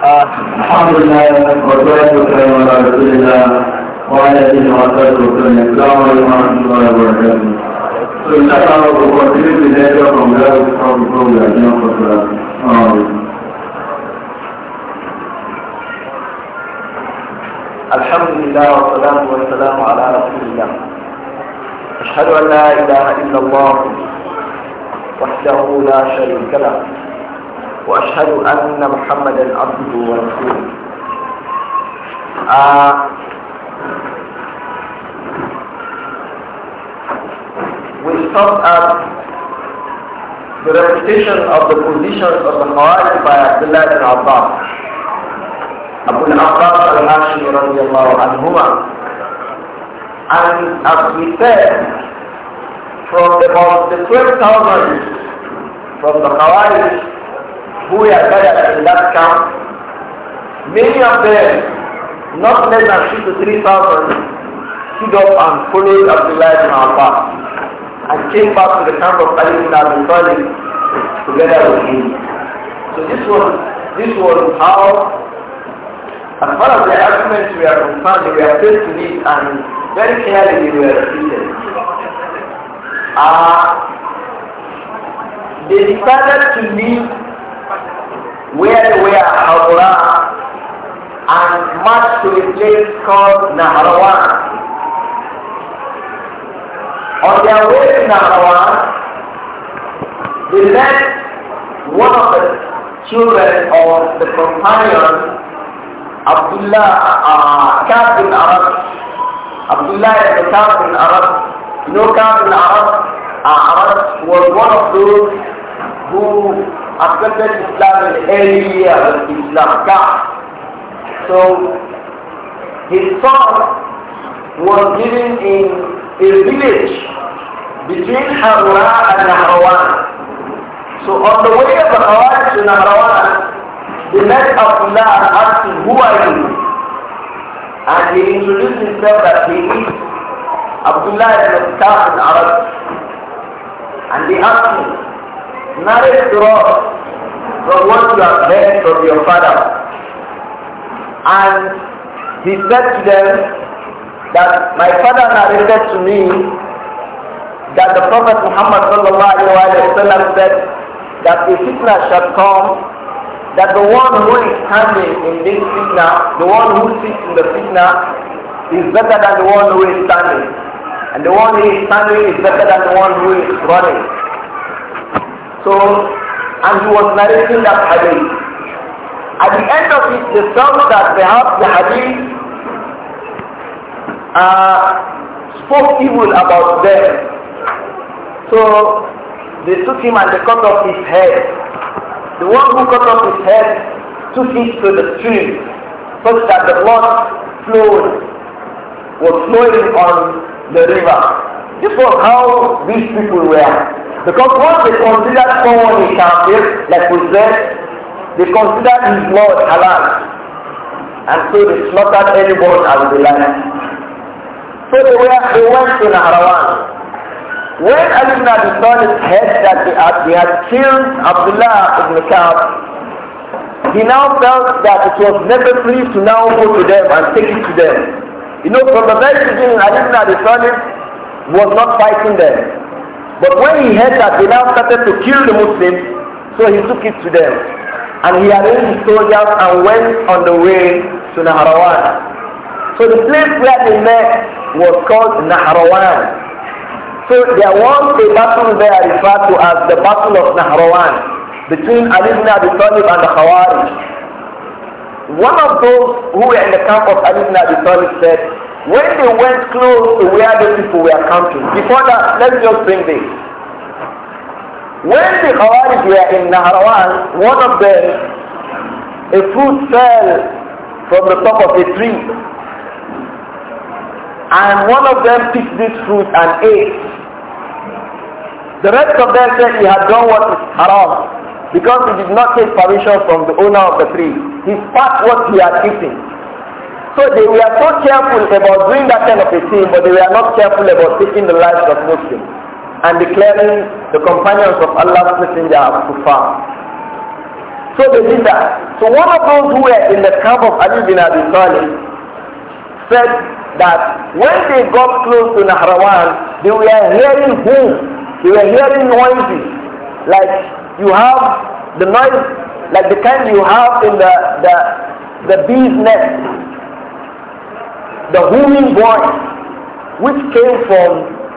الحمد لله والصلاة والسلام على رسول الله وعلى آله وصحبه وسلم السلام عليكم ورحمة الله وبركاته. الحمد لله والصلاة والسلام على رسول الله أشهد أن لا إله إلا الله وحده لا شريك له وأشهد أن محمدا عبده ورسوله We start at the reputation of the positions of the Khawarij by Abdullah ibn Abbas. Abu al-Abbas al-Hashim radiallahu anhuma. And as we said, from about the 12,000 from the Khawarij who are gathered in that camp, many of them, not less than two to three thousand, stood up and followed Abdullah ibn Abbas and came back to the camp of Ali ibn Abi Talib together with him. So this was, this was how, as far as the arguments were concerned, they were faced with it and very clearly they were repeated. Uh, they decided to leave where we are Hadra and marched to a place called Nahrawan. On their way to Nahrawan, they met one of the children of the companion Abdullah uh, Kab bin Arab. Abdullah is the Kab bin Arab. You know bin Arab? Uh, Arab was one of those who accepted Islam early years, Islam came. So his son was living in a village between Hamra and Nahrawan. So on the way of Nahrawan to Nahrawan, the met Abdullah and asked him, who are you? And he introduced himself that he is Abdullah ibn Kaf in Arab. And he asked him, narrate to us from what you have learned from your father. And he said to them that my father narrated to me that the Prophet Muhammad said that the fitna shall come, that the one who is standing in this fitna, the one who sits in the fitna, is better than the one who is standing. And the one who is standing is better than the one who is running. So, and he was narrating that hadith. At the end of it, they felt that perhaps the hadith uh, spoke evil about them. So they took him and they cut off his head. The one who cut off his head took it to the stream such that the blood flowed, was flowing on the river. This was how these people were. Because once they consider someone a kafir, like we said, they consider his Lord halal. And so they slaughtered anyone as they like. So they, were, they went to Nahrawan. When Ali ibn Abi Talib heard that they had, they had killed Abdullah ibn Ka'b, he now felt that it was necessary to now go to them and take it to them. You know, from the very beginning, Ali ibn Abi Talib was not fighting them. But when he heard that they now started to kill the Muslims, so he took it to them. And he arranged his soldiers and went on the way to Naharawan. So the place where they met was called Naharawan. So there was a battle there referred to as the Battle of Naharawan between Ali ibn Abi Talib and the Khawarij. One of those who were in the camp of Ali ibn Abi Talib said, when they went close to where the people were camping, before that, let's just bring this. When the Khawarij were in Naharawan, one of them, a fruit fell from the top of a tree. And one of them picked this fruit and ate. The rest of them said he had done what is haram because he did not take permission from the owner of the tree. He spat what he had eaten. So they were so careful about doing that kind of a thing, but they were not careful about taking the lives of Muslims and declaring the companions of Allah's messenger as kuffar. So they did that. So one of those who were in the camp of Ali bin Abi Talib said that when they got close to Nahrawan, they were hearing boom, they were hearing noises, like you have the noise, like the kind you have in the, the, the bee's nest the human voice which came from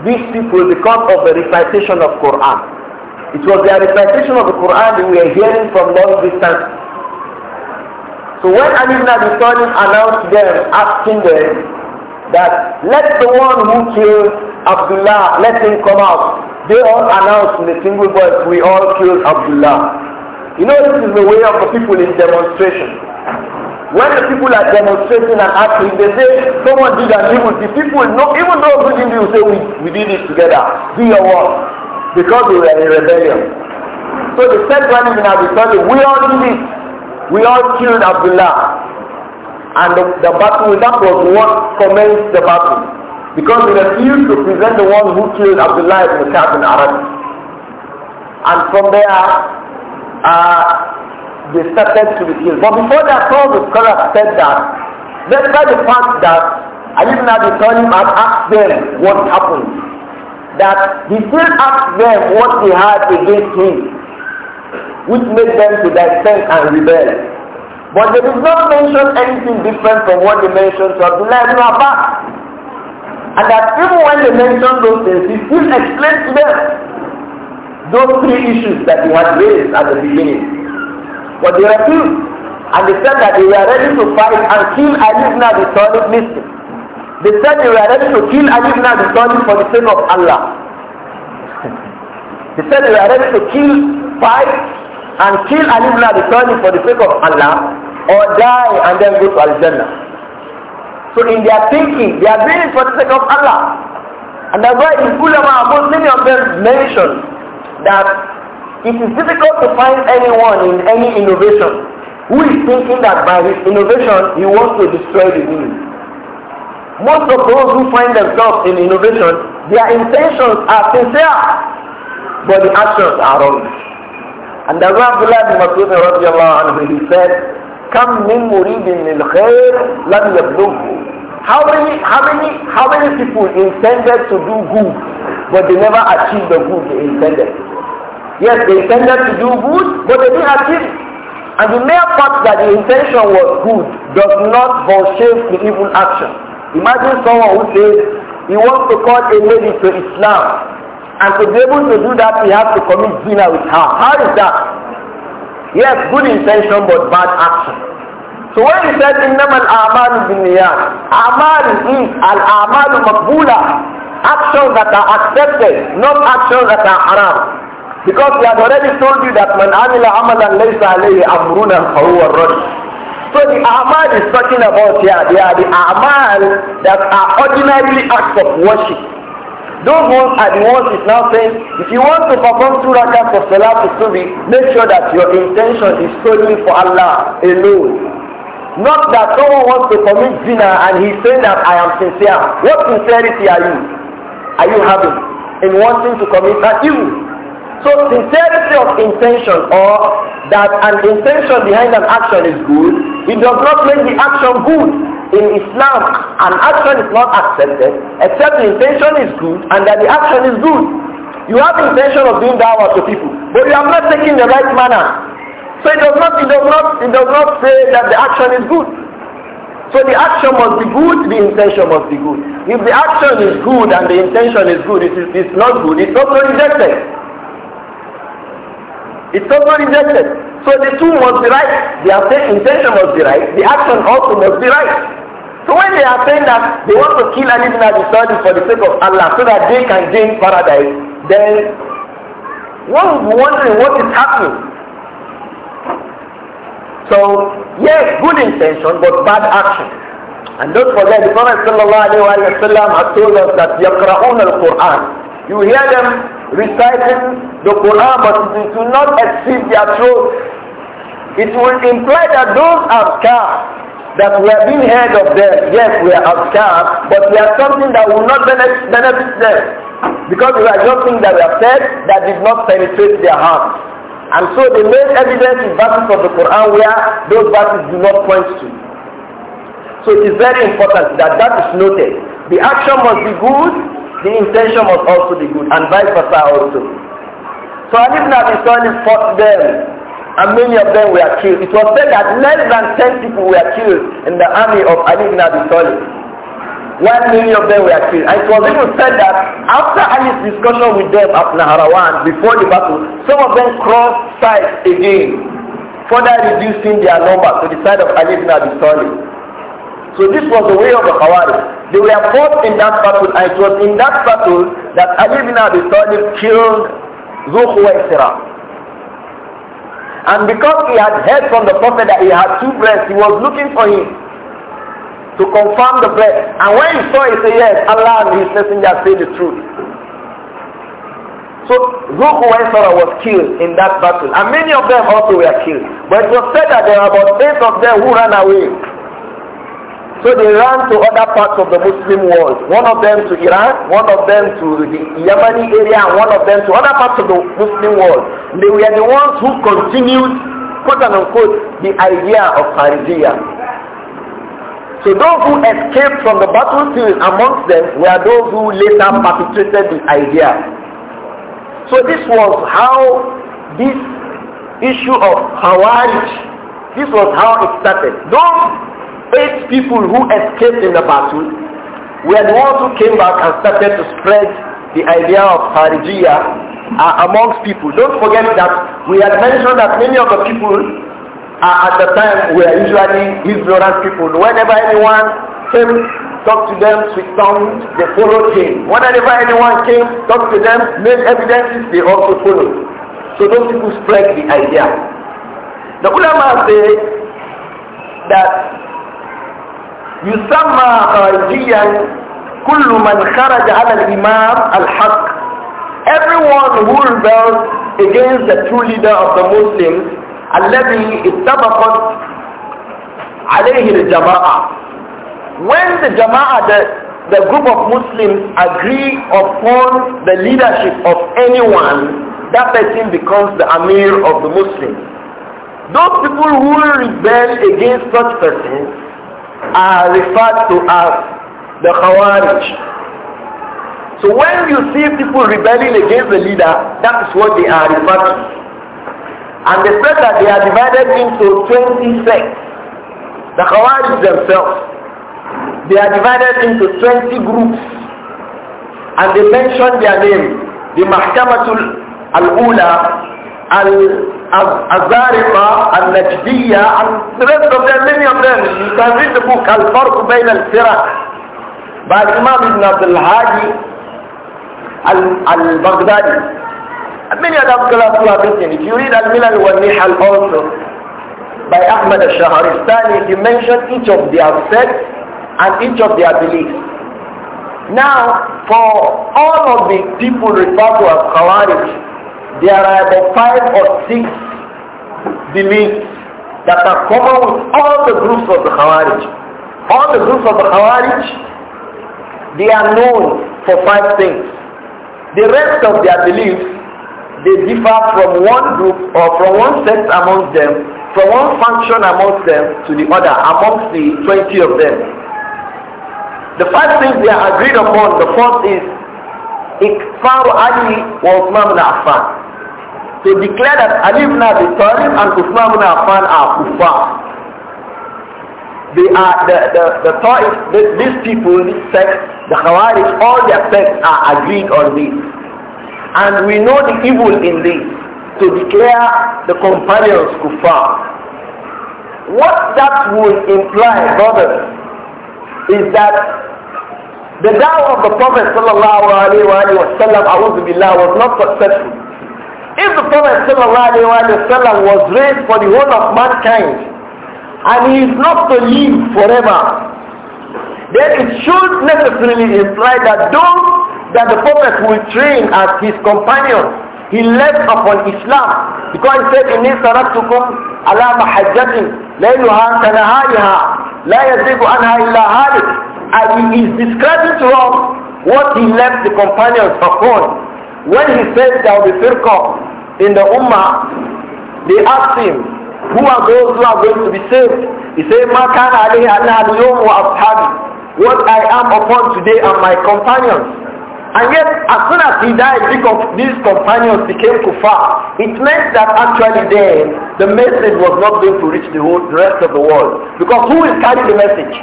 these people because of the recitation of Quran. It was their recitation of the Quran that we are hearing from long distance. So when Ali ibn Abi Talib announced them, asking them that let the one who killed Abdullah, let him come out. They all announced in a single voice, we all killed Abdullah. You know this is the way of the people in demonstration. When the people are demonstrating and asking, they say, someone did an evil. The people, know, even those who did say, we, we did it together. Do your work. Because we were in rebellion. So the said one even Abi Talib, we all did it. We all killed Abdullah. And the, the battle, that was what commenced the battle. Because we refused to present the one who killed Abdullah in the in And from there, uh, they started to be killed. But before that, all the scholars said that, despite the fact that Ali ibn Abi Talib had asked them what happened, that he still asked them what they had against him, which made them to dissent and rebel. But they did not mention anything different from what they mentioned to Abdullah ibn Abbas. And that even when they mentioned those things, he still explained to them those three issues that he had raised at the beginning. But they refused. And they said that they were ready to fight and kill Ali ibn Abi Talib Muslim. They said they were ready to kill Ali ibn Abi Talib for the sake of Allah. they said they were ready to kill, fight, and kill Ali ibn Abi Talib for the sake of Allah, or die and then go to Al-Jannah. So in their thinking, they are doing it for the sake of Allah. And that's why in Ulama, many of them mentioned that it is difficult to find anyone in any innovation who is thinking that by his innovation he wants to destroy the world. Most of those who find themselves in innovation, their intentions are sincere, but the actions are wrong. And the Abdullah bin Masud anhu, he said, كم من مريد للخير لم يبلغه How many, how many, how many people intended to do good, but they never achieved the good they intended? Yes, they intended to do good, but they didn't achieve it. And the mere fact that the intention was good does not vouchsafe the evil action. Imagine someone who says he wants to call a lady to Islam, and to be able to do that, he has to commit zina with her. How is that? Yes, good intention but bad action. So when he said innamal a'malu binniyat, a'mal is al-a'malu maqbula, actions that are accepted, not actions that are haram. Because we have already told you that man amila amalan laysa alayhi amruna fahuwa So the amal is talking about here, yeah, they are the amal that are ordinarily acts of worship. Those ones are the ones is now saying, if you want to perform two rakats of salat to Subi, make sure that your intention is solely for Allah alone. Not that someone wants to commit zina and he's saying that I am sincere. What sincerity are you? Are you having in wanting to commit that evil? So sincerity of intention or that an intention behind an action is good, it does not make the action good. In Islam, an action is not accepted except the intention is good and that the action is good. You have the intention of doing dawah to people, but you are not taking the right manner. So it does not, it does not, it does not say that the action is good. So the action must be good, the intention must be good. If the action is good and the intention is good, it is not good, it's also rejected. It's also rejected. So the two must be right. The intention must be right. The action also must be right. So when they are saying that they want to kill Ali ibn Abi Talib for the sake of Allah so that they can gain paradise, then one would be wondering what is happening. So yes, good intention but bad action. And don't forget the Prophet ﷺ has told us that يَقْرَؤُونَ الْقُرْآنِ You hear them reciting the Quran, but it will not achieve their throat. It will imply that those azkar that we have been heard of them, yes, we are azkar, but we are something that will not benefit them. Because we are just things that we have said that did not penetrate their heart. And so the main evidence is verses of the Quran where those verses do not point to. So it is very important that that is noted. The action must be good the intention must also be good and vice versa also. So Ali ibn Abi Talib fought them and many of them were killed. It was said that less than 10 people were killed in the army of Ali ibn Abi Talib. One million of them were killed. And it was even said that after Ali's discussion with them at Naharawan before the battle, some of them crossed sides again, further reducing their number to the side of Ali ibn Abi Talib. So this was the way of the Khawarij. They were fought in that battle and it was in that battle that Ali bin Abi Talib killed Zuhwaisira. And because he had heard from the Prophet that he had two breasts, he was looking for him to confirm the breast. And when he saw it, he said, yes, Allah and his messenger say the truth. So Zulhuwaisara was killed in that battle. And many of them also were killed. But it was said that there were about eight of them who ran away. So they ran to other parts of the Muslim world. One of them to Iran, one of them to the Yemeni area, and one of them to other parts of the Muslim world. And they were the ones who continued, quote unquote, the idea of Pangea. So those who escaped from the battlefield amongst them were those who later perpetrated the idea. So this was how this issue of Hawarij, this was how it started. Those eight people who escaped in the battle were the ones who came back and started to spread the idea of Harijiyah uh, amongst people. Don't forget that we had mentioned that many of the people uh, at the time were usually ignorant people. Whenever anyone came, talked to them with tongues, they followed him. Whenever anyone came, talked to them, made evidences, they also followed. So those people spread the idea. The ulama say that يسمى خارجيا كل من خرج على الإمام الحق Everyone who rebels against the true leader of the Muslims الذي اتفقت عليه الجماعة When the Jama'ah, the, the group of Muslims agree upon the leadership of anyone, that person becomes the Amir of the Muslims. Those people who rebel against such persons are referred to as the Khawarij. So when you see people rebelling against the leader, that is what they are referred to. And the fact that they are divided into 20 sects, the Khawarij themselves, they are divided into 20 groups. And they mention their name, the Mahkamatul Al-Ula, Al-Ula, الزارقة النجدية عن ثلاثة مليون دين كان يدبوك الفرق بين الفرق بعد إمام ابن عبد الهادي البغدادي من يدام كلا كلا بيتين يريد الملل والنيح الأنصر by Ahmad al-Shaharistani he mentioned each of their sects and each of their beliefs. Now, for all of the people referred to as Khawarij, there are about five or six beliefs that are common with all the groups of the Khawarij. All the groups of the Khawarij, they are known for five things. The rest of their beliefs, they differ from one group or from one sect amongst them, from one function amongst them to the other, amongst the 20 of them. The five things they are agreed upon, the fourth is Ikfar Ali was Mamna Affan to declare that Ali ibn Abi and Kufa ibn Affan are kuffar. They are the the the Ta'if, these people, this sect, the Khawarij, all their sects are agreed on this, and we know the evil in this to declare the companions Kufa. What that would imply, brothers, is that the da'wah of the Prophet sallallahu alaihi wasallam, was not successful. If the Prophet ﷺ was raised for the whole of mankind and he is not to live forever, then it should necessarily imply that those that the Prophet will train as his companions, he left upon Islam because he said, إِنِّي سَرَبْتُكُمْ عَلَى مَحَجَّةٍ لَيْلُهَا كَنَهَارِهَا la يَزِيغُ anha illa halik," And he is describing to us what he left the companions upon when he said there will be firqa in the ummah, they asked him, who are those who are going to be saved? He said, مَا كَانَ عَلَيْهِ أَنَا الْيَوْمُ وَأَصْحَابِي What I am upon today and my companions. And yet, as soon as he died, these companions became kuffar. It meant that actually then, the message was not going to reach the, whole, the rest of the world. Because who is carrying the message?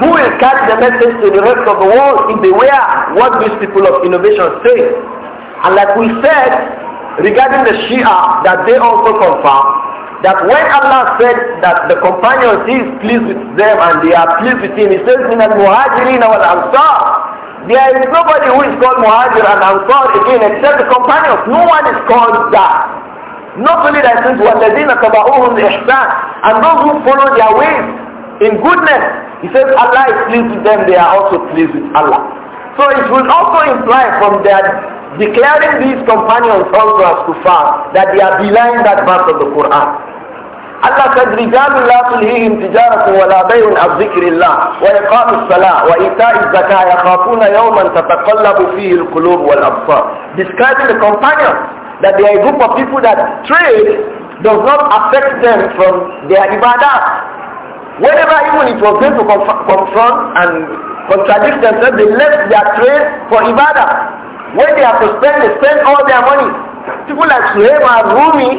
Who will carry the message to the rest of the world if they wear what these people of innovation say? And like we said regarding the Shia, that they also confirm that when Allah said that the companions is pleased with them and they are pleased with him, he says in al-muhajirin wal ansar, there is nobody who is called muhajir and ansar again except the companions. No one is called that. Not only that, since وَالَّذِينَ تَبَعُوهُمْ إِحْسَانٍ And those who follow their ways in goodness, he says Allah is pleased with them, they are also pleased with Allah. So it will also imply from that declaring these companions also as kuffar that they are belying that verse of the Quran. Allah said, رجال لا تلهيهم تجارة ولا بيع عن ذكر الله وإقام الصلاة وإيتاء الزكاة يخافون يوما تتقلب فيه القلوب والأبصار. Describing the companions that they are a group of people that trade does not affect them from their ibadah Whenever even it was going to confront and contradict themselves, they left their trade for Ibadah. When they have to spend, they spend all their money. People like Suhaim and Rumi,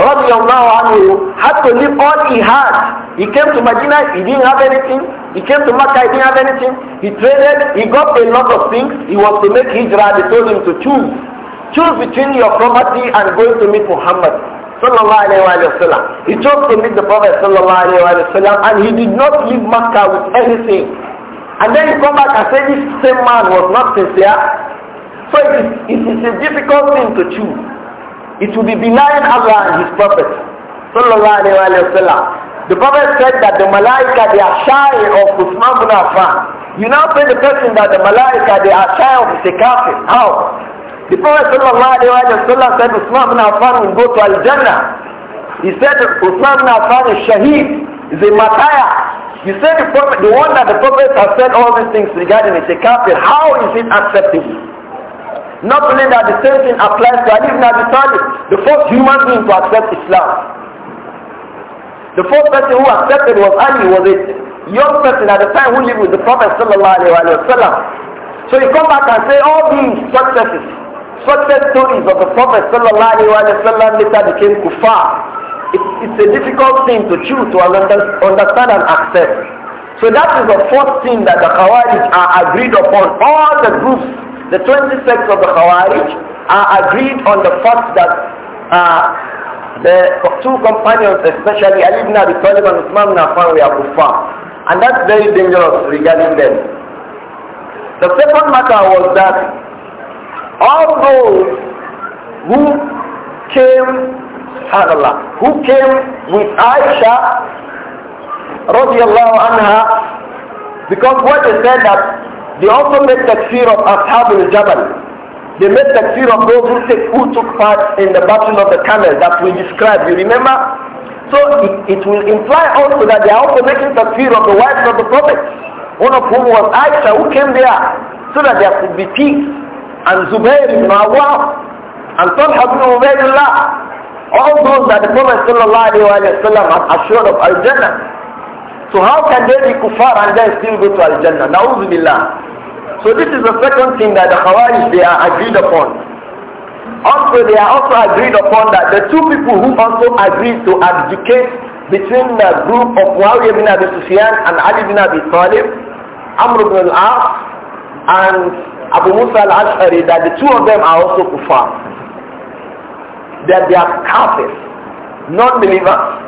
radiallahu anhu, had to leave all he had. He came to Medina, he didn't have anything. He came to Makkah, he didn't have anything. He traded, he got a lot of things. He was to make hijrah, they told him to choose. Choose between your property and going to meet Muhammad sallallahu alayhi wa sallam. He chose to meet the Prophet sallallahu alayhi wa sallam and he did not leave Makkah with anything. And then he come back and say this same man was not sincere. So it is, it is a difficult thing to choose. It will be denying Allah and his Prophet sallallahu alayhi wa sallam. The Prophet said that the Malaika, they are shy of Usman bin Affan. You now say the person that the Malaika, they are shy of the kafir. How? The Prophet sallallahu alayhi wa said "Uthman bin Affan will go to Al-Jannah. He said "Uthman bin Affan is Shaheed, is a Mataya. You said the, prophet, the one that the Prophet has said all these things regarding is a kafir. How is it acceptable? Not only that the same thing applies to Ali ibn Abi Talib, the first human being to accept Islam. The first person who accepted was Ali, was a young person at the time who lived with the Prophet sallallahu alayhi wa sallam. So he come back and say all these successes Certain stories of the Prophet وسلم, later became kuffar. It, it's a difficult thing to choose to understand and accept. So that is the fourth thing that the Khawarij are agreed upon. All the groups, the 20 sects of the Khawarij are agreed on the fact that uh, the two companions, especially Ali ibn Abi Talib and Uthman ibn Affan, were kuffar. And that's very dangerous regarding them. The second matter was that all those who came, subhanAllah, who came with Aisha radiallahu anha because what they said that they also made fear of Ashab al-Jabal. They made fear of those who, who took part in the battle of the camel that we described. You remember? So it, it will imply also that they are also making fear of the wives of the Prophet, one of whom was Aisha who came there so that there could be peace and Zubayr ibn Awwam and Talha ibn Ubaidullah. All those that the Prophet sallallahu alayhi wa has assured of Al-Jannah. So how can they be kuffar and then still go to Al-Jannah? Na'udhu billah. So this is the second thing that the Khawarij they are agreed upon. Also they are also agreed upon that the two people who also agreed to abdicate between the group of Muawiyah bin Abi Sufyan and Ali bin Abi Talib, Amr ibn al-As and Abu Musa al-Ash'ari that the two of them are also kuffar. That they are kafirs, non-believers.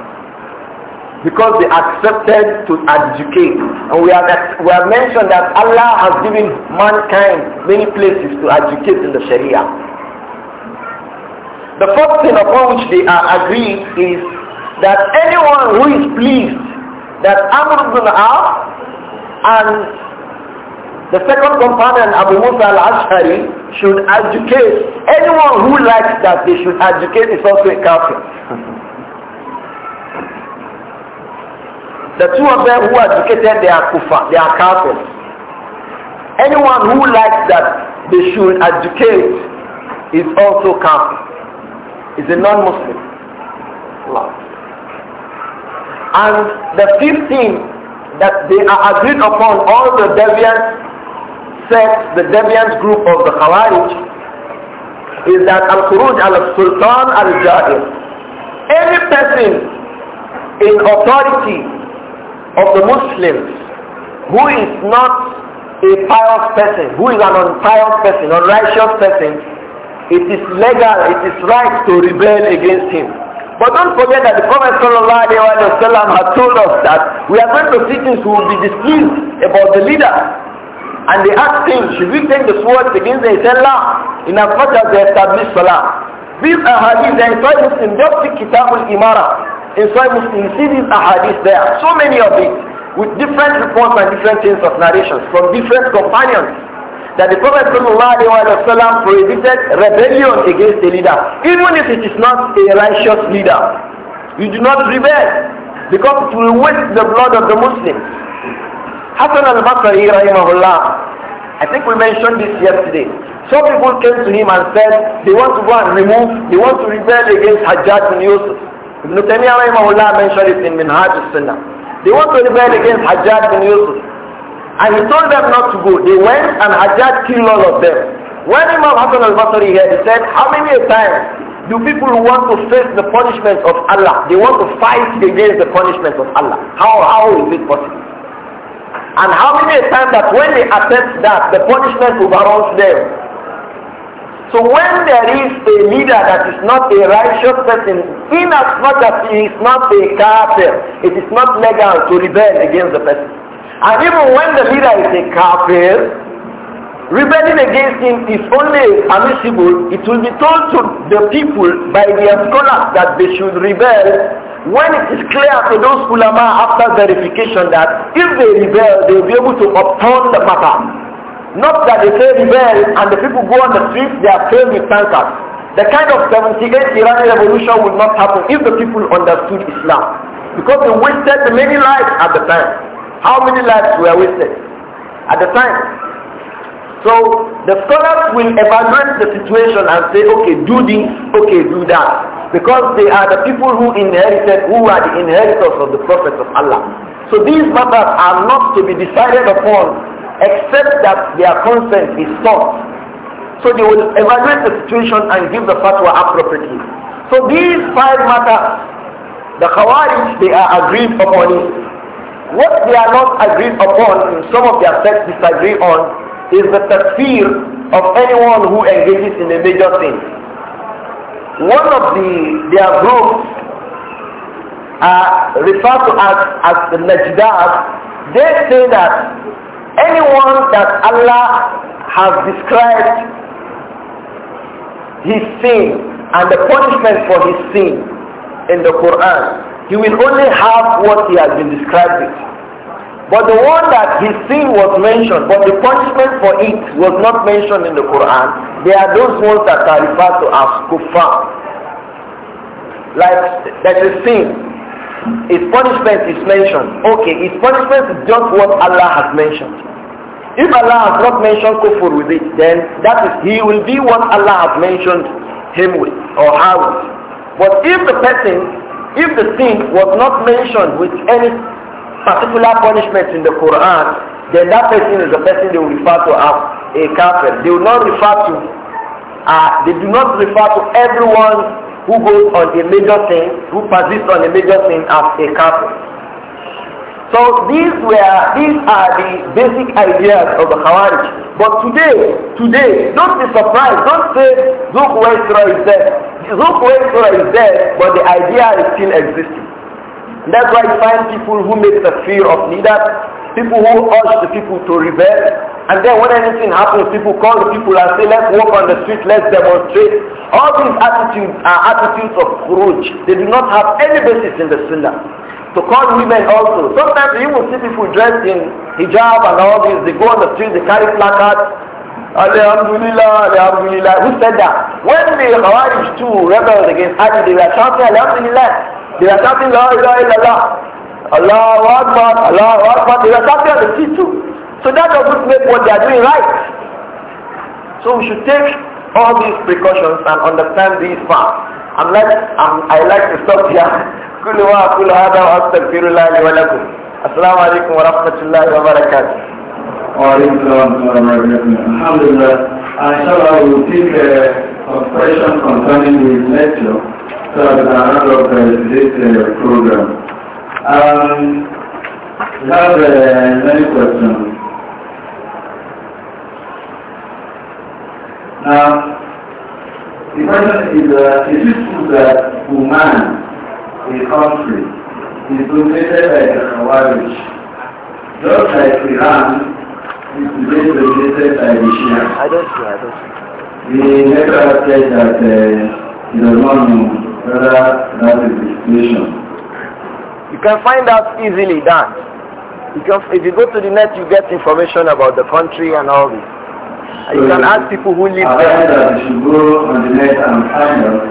Because they accepted to educate. And we have, we have mentioned that Allah has given mankind many places to educate in the Sharia. The first thing upon which they are agreed is that anyone who is pleased that Amr ibn Auf and the second companion, Abu Musa al-Ash'ari, should educate. Anyone who likes that they should educate is also a kafir. the two of them who educated, they are kufa, they are kafir. Anyone who likes that they should educate is also kafir. Is a non-Muslim. And the fifth thing that they are agreed upon all the deviants Said the deviant group of the Khawarij, is that Al-Khuruj al-Sultan al-Jahil. Any person in authority of the Muslims who is not a pious person, who is an unpious person, unrighteous person, it is legal, it is right to rebel against him. But don't forget that the Prophet ﷺ had told us that we are going to see things who will be displeased about the leader. And they asked him, should we take the sword against them? He said, La, in as much as they established Salah. These ahadith, they are in Muslim, just see Kitab al-Imara. In Sahih Muslim, you see these ahadith there. So many of it, with different reports and different things of narrations from different companions that the Prophet Wasallam prohibited rebellion against a leader, even if it is not a righteous leader. You do not rebel because it will waste the blood of the Muslims. Hassan al-Basri rahimahullah, I think we mentioned this yesterday. Some people came to him and said they want to go and remove, they want to rebel against Hajjaj bin Yusuf. Ibn Taymiyyah rahimahullah mentioned it in Minhaj al-Sunnah. They want to rebel against Hajjaj bin Yusuf. And he told them not to go. They went and Hajjaj killed all of them. When Imam Hassan al-Basri here, he said, how many times do people want to face the punishment of Allah? They want to fight against the punishment of Allah. How, how is it possible? And how many times that when they attempt that, the punishment overruns them. So when there is a leader that is not a righteous person, in as much as he is not a kafir, it is not legal to rebel against the person. And even when the leader is a kafir, rebelling against him is only permissible. It will be told to the people by their scholars that they should rebel when it is clear to those ulama after verification that if they rebel, they will be able to upturn the matter. Not that they say rebel and the people go on the streets, they are filled with tankers. The kind of 78 Iranian revolution would not happen if the people understood Islam. Because they wasted many lives at the time. How many lives were wasted? At the time, so the scholars will evaluate the situation and say, okay, do this, okay, do that. Because they are the people who inherited, who are the inheritors of the prophets of Allah. So these matters are not to be decided upon except that their consent is sought. So they will evaluate the situation and give the fatwa appropriately. So these five matters, the Khawarij, they are agreed upon it. What they are not agreed upon, some of their sects disagree on, is the takfir of anyone who engages in a major sin. One of the their groups are referred to as as the Najdat. They say that anyone that Allah has described his sin and the punishment for his sin in the Quran, he will only have what he has been described with. But the one that his sin was mentioned, but the punishment for it was not mentioned in the Quran, they are those ones that are referred to as kuffar. Like, that is sin. His punishment is mentioned. Okay, his punishment is just what Allah has mentioned. If Allah has not mentioned kufur with it, then that is, he will be what Allah has mentioned him with, or her with. But if the person, if the sin was not mentioned with any particular punishment in the Quran, then that person is the person they will refer to as a kafir. They will not refer to, uh, they do not refer to everyone who goes on a major thing, who persists on a major thing as a kafir. So these were, these are the basic ideas of the Khawarij. But today, today, don't be surprised. Don't say Zuk Waisra is dead. Zuk Waisra is dead, but the idea is still existing. That's why you find people who make the fear of leaders, people who urge the people to rebel, and then when anything happens, people call the people and say, let's walk on the street, let's demonstrate. All these attitudes are attitudes of courage. They do not have any basis in the Sunnah to call women also. Sometimes you will see people dressed in hijab and all this. They go on the street, they carry placards. Alhamdulillah, Alhamdulillah. Who said that? When the Khawarij too rebelled against Ali, they were shouting Alhamdulillah. They are shouting La ilaha illallah. Allahu Akbar, Allahu Akbar. They are shouting at the sea too. So that doesn't make what they are doing right. So we should take all these precautions and understand these facts. I'm like, I'm, I like to stop here. كل ما أقول هذا وأستغفر الله لي ولكم السلام عليكم ورحمة الله وبركاته وعليكم السلام ورحمة الله الحمد لله I shall I will take a uh, question concerning this lecture so as another of this uh, program. Um, we have uh, many questions. Now, the question is, uh, is it true that Oman, a country, is dominated by the Khawarij, just like Iran is today dominated by the Shia? I don't see, I don't see. The letter said that uh, he does not know you can find out easily that. Because if you go to the net, you get information about the country and all this. So you can ask people who live there. That you should go on the net and find out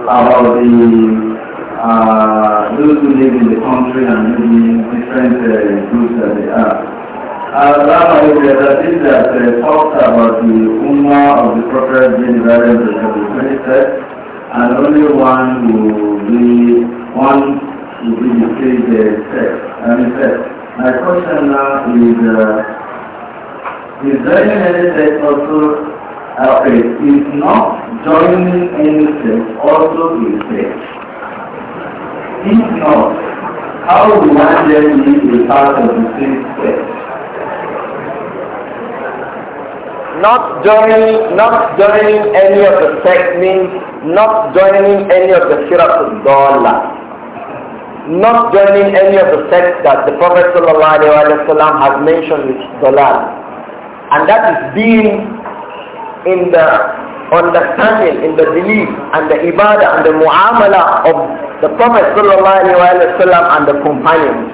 about the uh, those who live in the country and maybe different uh, groups that they are. Allah uh, there are that uh, talks about the Ummah of the Prophet being divided into 23 and only one will be one to be the case the text. And he said, my question now is, uh, is joining any text also, uh, okay, is not joining any text also a text? If not, how will one then be a part of the same text? not joining, not joining any of the sect means not joining any of the shirak dollar. Not joining any of the sects that the Prophet ﷺ has mentioned with dollar. And that is being in the understanding, in the belief and the ibadah and the muamala of the Prophet ﷺ and the companions.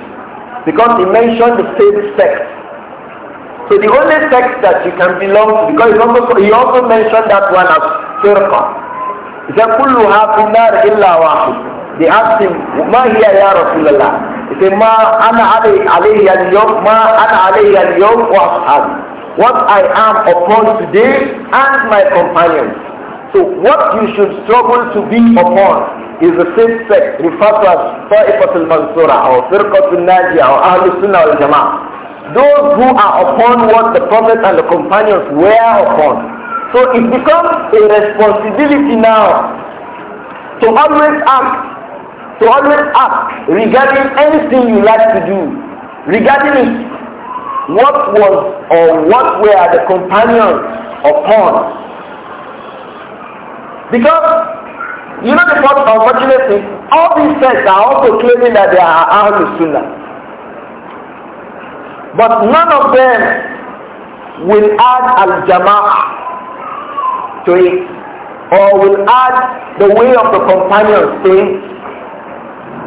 Because he mentioned the same sects. So the only sect that you can belong to, because also, he also mentioned that one as firqa. He said, كلها في النار إلا واحد. They asked him, ما هي يا رسول الله? He said, ما أنا علي عليه اليوم, ما أنا اليوم What I am upon today and my companions. So what you should struggle to be upon is the same sect referred to as al Mansura or al Najiyah or Ahlul Sunnah al Jama'ah those who are upon what the Prophet and the companions were upon. So it becomes a responsibility now to always ask, to always ask regarding anything you like to do, regarding it, what was or what were the companions upon. Because, you know the most unfortunate thing, all these sects are also claiming that they are Ahlul Sunnah. But none of them will add al-jama'ah to it or will add the way of the companions to it.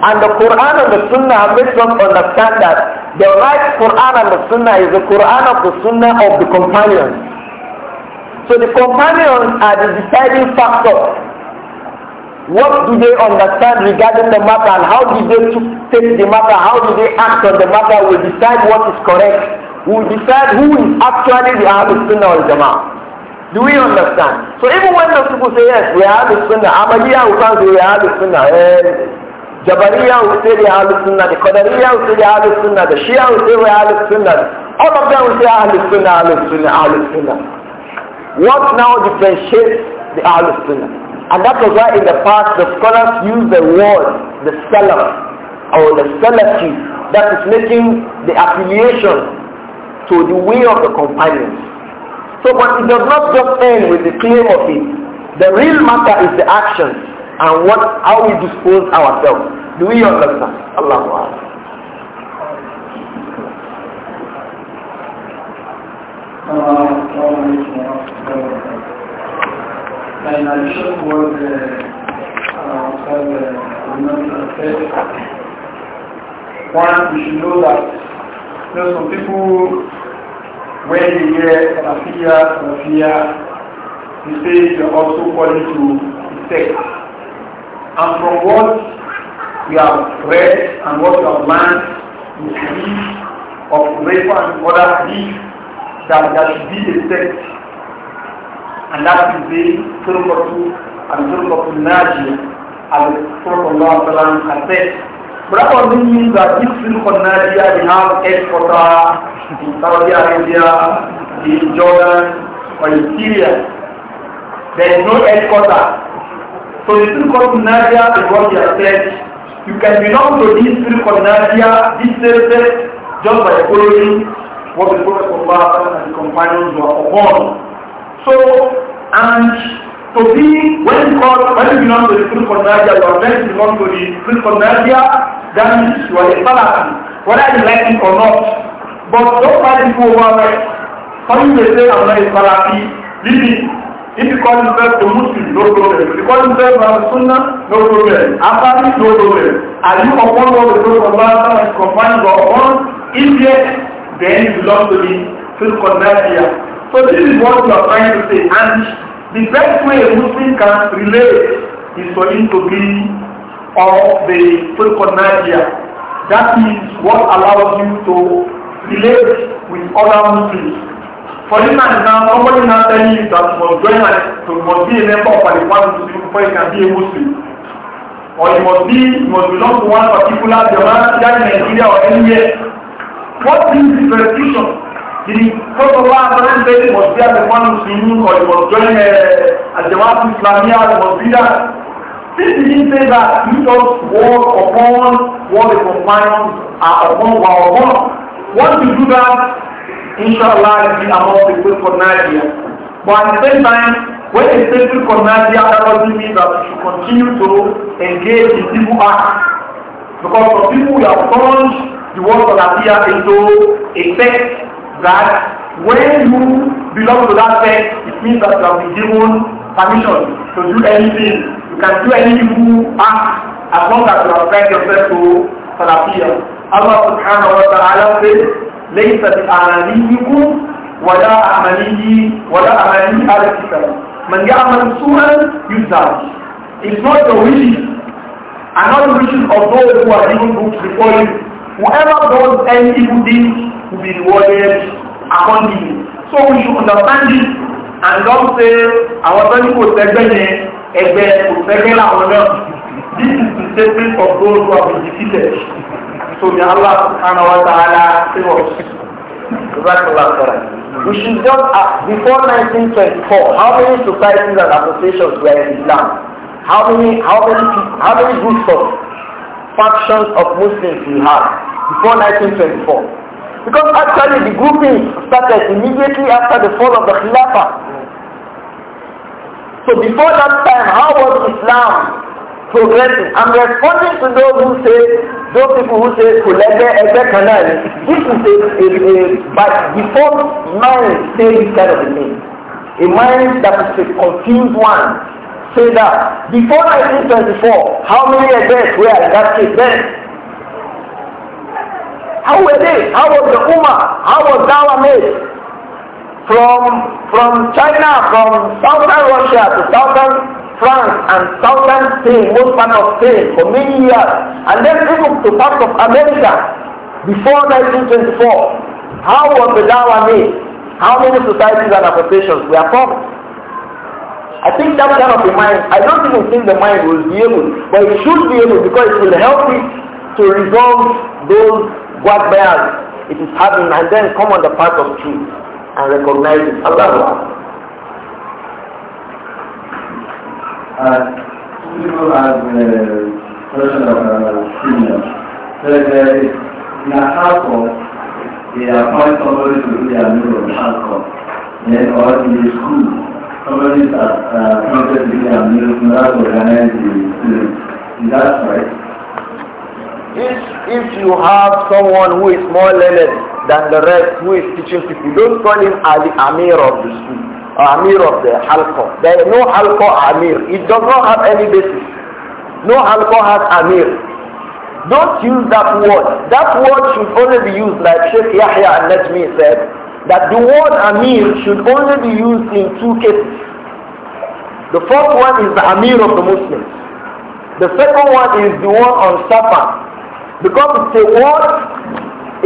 And the Quran and the Sunnah have made us understand that the right Quran and the Sunnah is the Quran of the Sunnah of the companions. So the companions are the deciding factor what do they understand regarding the matter and how do they take the matter? How do they act on the matter will decide what is correct. Will decide who is actually the Ahlul Sunnah or Jama'ah. Do we understand? So even when those people say, yes, we are the Sunnah, Abadiya will come say we are the Sunnah. Eh, Jabariya will say they are Ahlul Sunnah, the Qadariya will say they are Ahlul Sunnah, the Shia will say we are the Sunnah. All of them will say Ahlul Sunnah, Ahlul Sunnah, Ahlul Sunnah. What now differentiates the Ahlul Sunnah? And that was why in the past the scholars used the word the seller or the Salafi that is making the affiliation to the way of the companions. So but it does not just end with the claim of it. The real matter is the actions and what how we dispose ourselves. Do we understand? Allahu And I shook what the uh, uh, uh One, you should know that there are some people when they hear Salafia, Salafia, they say they are also calling to sect. And from what we have read and what we have learned in the of Rafa and other hadith, that there should be a sect and that is the Turqatu and Turqatu Najiyah as Prophet Allah has said. But that only means that this Turqatu Najiyah we have in Qatar, in Saudi Arabia, in Jordan, or in Syria. There is no headquarter. So the Turqatu Najiyah is what they have said. You can belong to this Turqatu Najiyah, this service, just by following what the Prophet Allah and the companions were upon. So, and to be when called when you belong to the full convergia, you are best belong to the full convergia, that means you are a Pharisee, whether you like it or not. But don't fight people over me. Some may say I'm not a Pharisee, leave it. If you call yourself a Muslim, no problem. If you call yourself a Sunnah, no problem. After no problem. Are you upon what the full convergia is confined or on? If yes, then you belong to the full convergia. So this is what we are trying to say. And the best way a Muslim can relate is for him to be of the so-called That is what allows you to relate with other Muslims. For instance, now somebody now telling you that you must join and you must be a member of an Muslim before you can be a Muslim or you must be you must belong to one particular jamaat either in Nigeria or anywhere. What is the restriction? three protocol and mandate must be at the one Muslim or you must join a, a Jamaat Islamiyah, you must be that. This didn't say that we just work upon what the companions are upon our upon. Once you do that, inshallah, you will among people for Nigeria. But at the same time, when it's faithful for Nigeria, that doesn't mean that we should continue to engage in people acts. Because some people we have plunged the world of Nigeria into a sect that when you belong to that sect, it means that you have been given permission to do anything. You can do any evil act as long as you apply yourself to Salafiyah. Allah subhanahu wa ta'ala says, لَيْسَ بِأَعْمَلِيكُمْ وَلَا أَعْمَلِيهِ وَلَا أَعْمَلِي أَهْلِ الْكِتَابِ مَنْ يَعْمَلْ سُوءًا يُجْزَى It's not your wishes and not the wishes of those who are given books before you. Whoever does any evil deed to be rewarded accordingly. So we should understand this and not say àwọn tó ní kò sẹ́gbẹ́ yẹn ẹgbẹ́ kò sẹ́gbẹ́ làwọn náà. This is the statement of those who have been defeated. So may Allah subhanahu wa ta'ala save us. We should just ask, before 1924, how many societies and associations were in Islam? How many, how many, people, how many groups of factions of Muslims we had before 1924? Because actually the grouping started immediately after the fall of the Khilafah. So before that time, how was Islam progressing? I'm responding to those who say, those people who say, Kulebe Ebe Kanal. This is a, a, a but before mind say this kind of a name. A mind that is a confused one. Say that before 1924, how many events were in that case then? How were they? How was the Ummah? How was Dawah made? From, from China, from southern Russia to southern France and southern Spain, most part of Spain for many years, and then even to parts of America before 1924. How was the Dawah made? How many societies and associations were formed? I think that kind of a mind, I don't even think the mind will be able, but it should be able because it will help it to resolve those What bears it is having and then come on the path of truth and recognize it. Allah uh, people have a question of senior. So in a household, they appoint somebody to be a member of the household. Then or in the school, somebody is appointed to be a member of the organized Is that right? If, if you have someone who is more learned than the rest who is teaching people, don't call him Ali Amir of the school, or Amir of the Halqa. There is no Halqa Amir. It does not have any basis. No Halqa has Amir. Don't use that word. That word should only be used like Sheikh Yahya and najmi said, that the word Amir should only be used in two cases. The first one is the Amir of the Muslims. The second one is the one on Safa, because it's a word,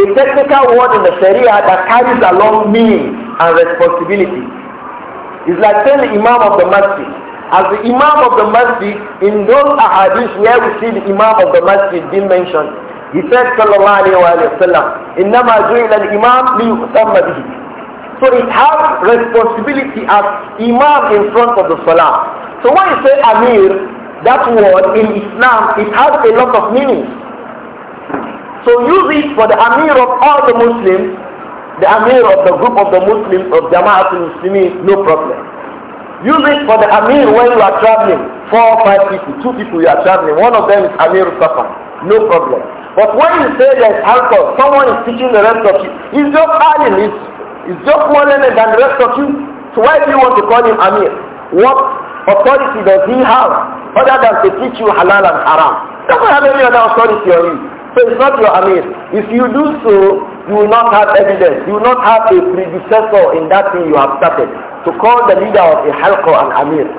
a technical word in the Sharia that carries along meaning and responsibility. It's like saying the Imam of the Masjid. As the Imam of the Masjid, in those ahadith where we see the Imam of the Masjid being mentioned, he said sallallahu alayhi wa sallam, إِنَّمَا جُعِلَ الْإِمَامُ لِيُؤْتَمَّ بِهِ So it has responsibility as Imam in front of the Salah. So when you say Amir, that word in Islam, it has a lot of meaning. So use it for the Amir of all the Muslims, the Amir of the group of the Muslims of Jama'at al-Muslimin, no problem. Use it for the Amir when you are traveling, four or five people, two people you are traveling, one of them is Amir Safan, no problem. But when you say there's alcohol, someone is teaching the rest of you, he's just adding, he's, he's just more learned than the rest of you. So why do you want to call him Amir? What authority does he have other than to teach you halal and haram? Doesn't have any other authority on you. So it's not your Amir. If you do so, you will not have evidence. You will not have a predecessor in that thing you have started. To call the leader of a Halqa an Amir.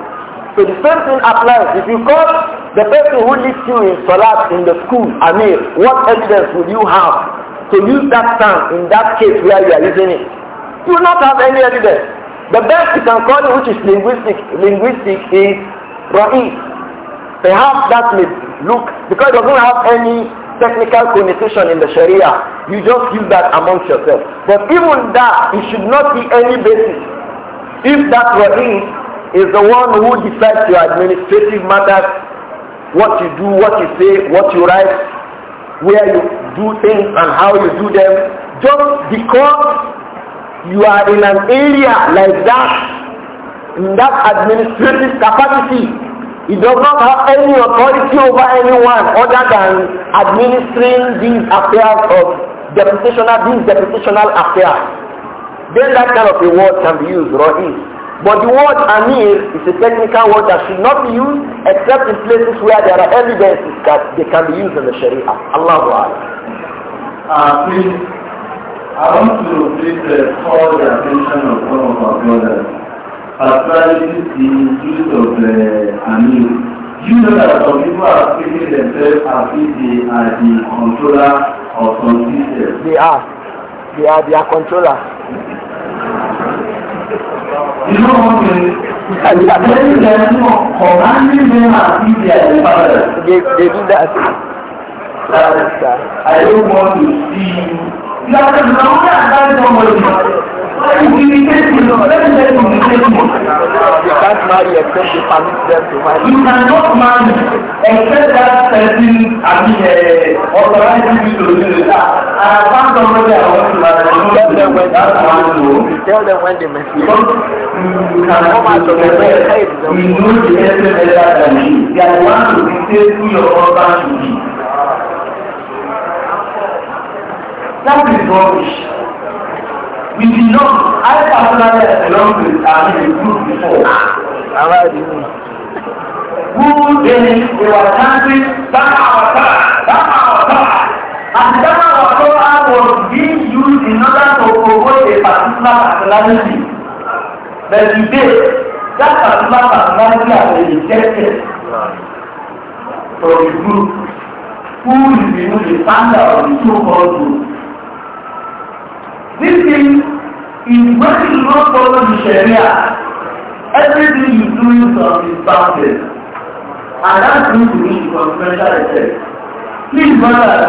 So the same thing applies. If you call the person who leads you in Salat in the school Amir, what evidence would you have to use that term in that case where you are using it? You will not have any evidence. The best you can call it, which is linguistic, linguistic is Ra'is. Perhaps that may look, because it doesn't have any technical connotation in the Sharia. You just use that amongst yourself. But even that, it should not be any basis. If that were it, is the one who decides your administrative matters, what you do, what you say, what you write, where you do things and how you do them, just because you are in an area like that, in that administrative capacity, he does not have any authority over anyone other than administering these affairs of deputational, these deputational affairs. Then that kind of a word can be used, Ra'is. But the word Amir is a technical word that should not be used except in places where there are evidences that they can be used in the Sharia. Allahu Uh, please, I want to please uh, call the attention of one of our brothers. particularly the use of uh, amine. You know that some people are treating themselves as if they are the controller of some system. They are. They are their controller. You know what I mean? Many people commanding them as if they are the father. They, they do that. That I don't want to see you. You are the longer than somebody you cannot marry except that person I mean uh, authorizes to do that. And I found somebody I want to marry. You tell them when they man You tell them when they must leave. You can come out of the way. We know the person better than you. They are the ones who dictate who your husband should be. That is rubbish. We did not, I personally belong to I mean, the group before. Alright. Who then they were chanting, Dana our God, Dana our God. And Dana our God was being used in order to promote a particular personality. But today, that particular personality has been rejected from the group who is the standard of the so-called group níbi ìgbẹ́sìn náà tọ́lọ́ ìṣẹ̀rí à everything you do is on his boundaries and that's going to be the consequential effect. Please brother,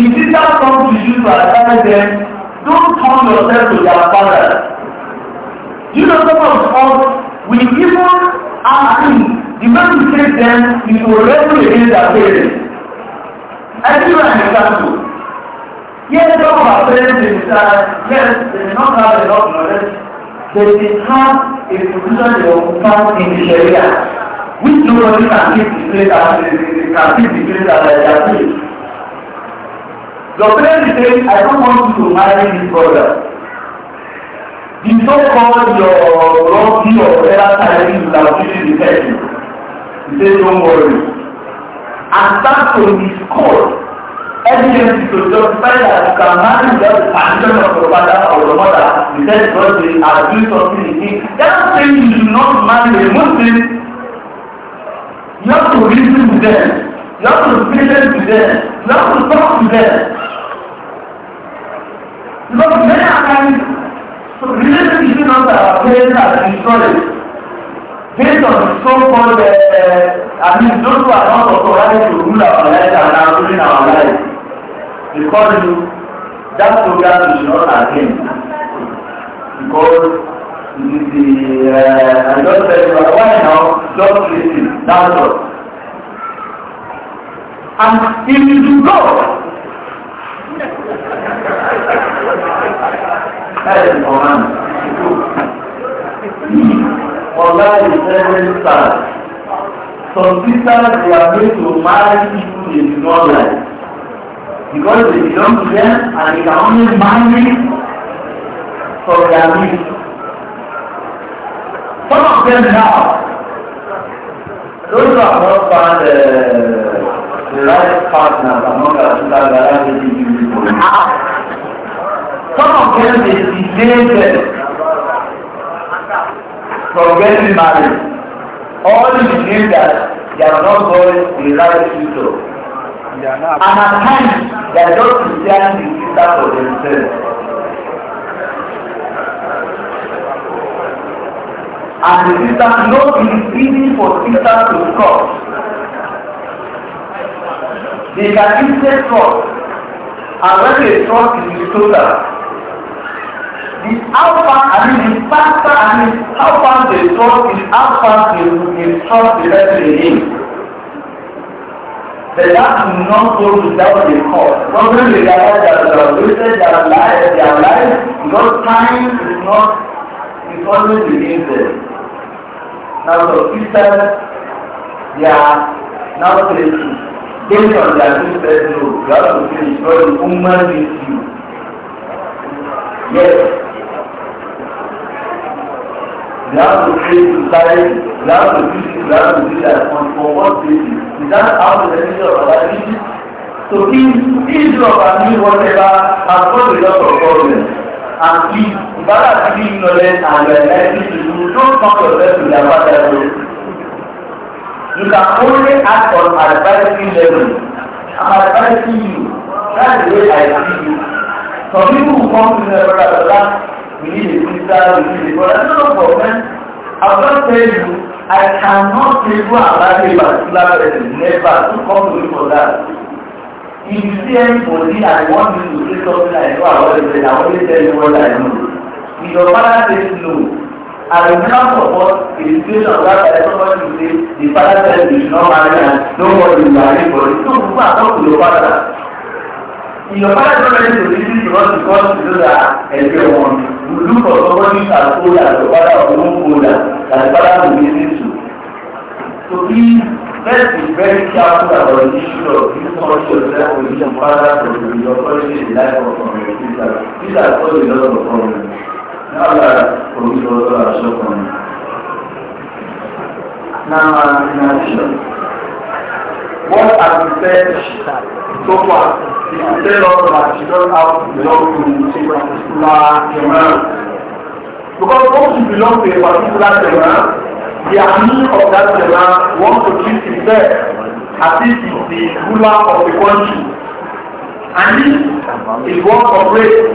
if teacher come to you to advise them, don't turn yourself to their father. You know some of us, we even asking the way we treat them is will rebel against their parents. Everyone is you an Yes, some of our parents in uh, yes, they may not have a lot of knowledge, but they have a position they occupy in Sharia, which nobody can keep the place as uh, can keep the place as uh, they are doing. The parents say, I don't want you to marry this brother. The so-called your rocky or whatever time you have given the person, he says, don't worry. And start to discourse evidence to justify that you can manage that addition of your father or your mother because God they are doing something in it. That saying you should not marry a Muslim, you have to reason with them, you have to listen to them, you have to talk to them. Because many times, so relationship is not our parents are destroyed based on so-called uh, uh, I mean those who are not authorized to rule our lives and are ruling our lives because you that program is not again because the uh, I just tell you why now just listen that's all and if you do not that is command ọ̀la ìfẹ́rẹ́ sàn. Some sisters they are going to marry people in do not Because they belong to them and they can only marry for their needs. Some of them now, those who have not found uh, the right partners among our sisters they are really beautiful. Ah. Some of them they delay them from getting married. All you believe that they are not going to the right future. And at times, they are just preparing the future for themselves. And the sister knows it is easy for sister to stop. They can easily trust. And when they trust in the total, the alpha I mean the factor I mean how far they trust is alpha. far they, trust directly in. But that is not so without a cause. Problem with that is that they are wasted their life, their life because time is not is always within them. Now so Christians they are now placing based on their new personal, you have to finish, God will woman with you. Yes now to create society, now to do this, now to do that on for what basis? Is that how the religion of Allah is? So each, each of us need whatever has got a lot of problems. And please, if Allah is giving knowledge and you are likely to do, don't talk yourself to their father's road. You can only act on advisory level. I'm advising you. That's the way I see you. Some people who come to the brother, I cannot know tell you, I cannot table allow a never to come to me for that. If you see anybody and want you to say something I know about the person, I only tell you what I know. If your father says no, I will not support the situation of that I somebody will say, the father says you should not marry and nobody will marry for it. So go and talk to your father. If your father is not ready to listen to us because you know that everyone duduk otomatis terpula kepada umum pula daripada pemimpin itu. So please, let's be very careful about the issue of this social level in father from the authority in the life of our people. These are all a lot of problems. Now that police also are so common. Now, uh, in addition, What has been said so far is to tell us that you don't have to belong to a particular Because once you belong to a particular Imam, the army of that Imam wants to treat himself as if he is the ruler of the country. And this is what operates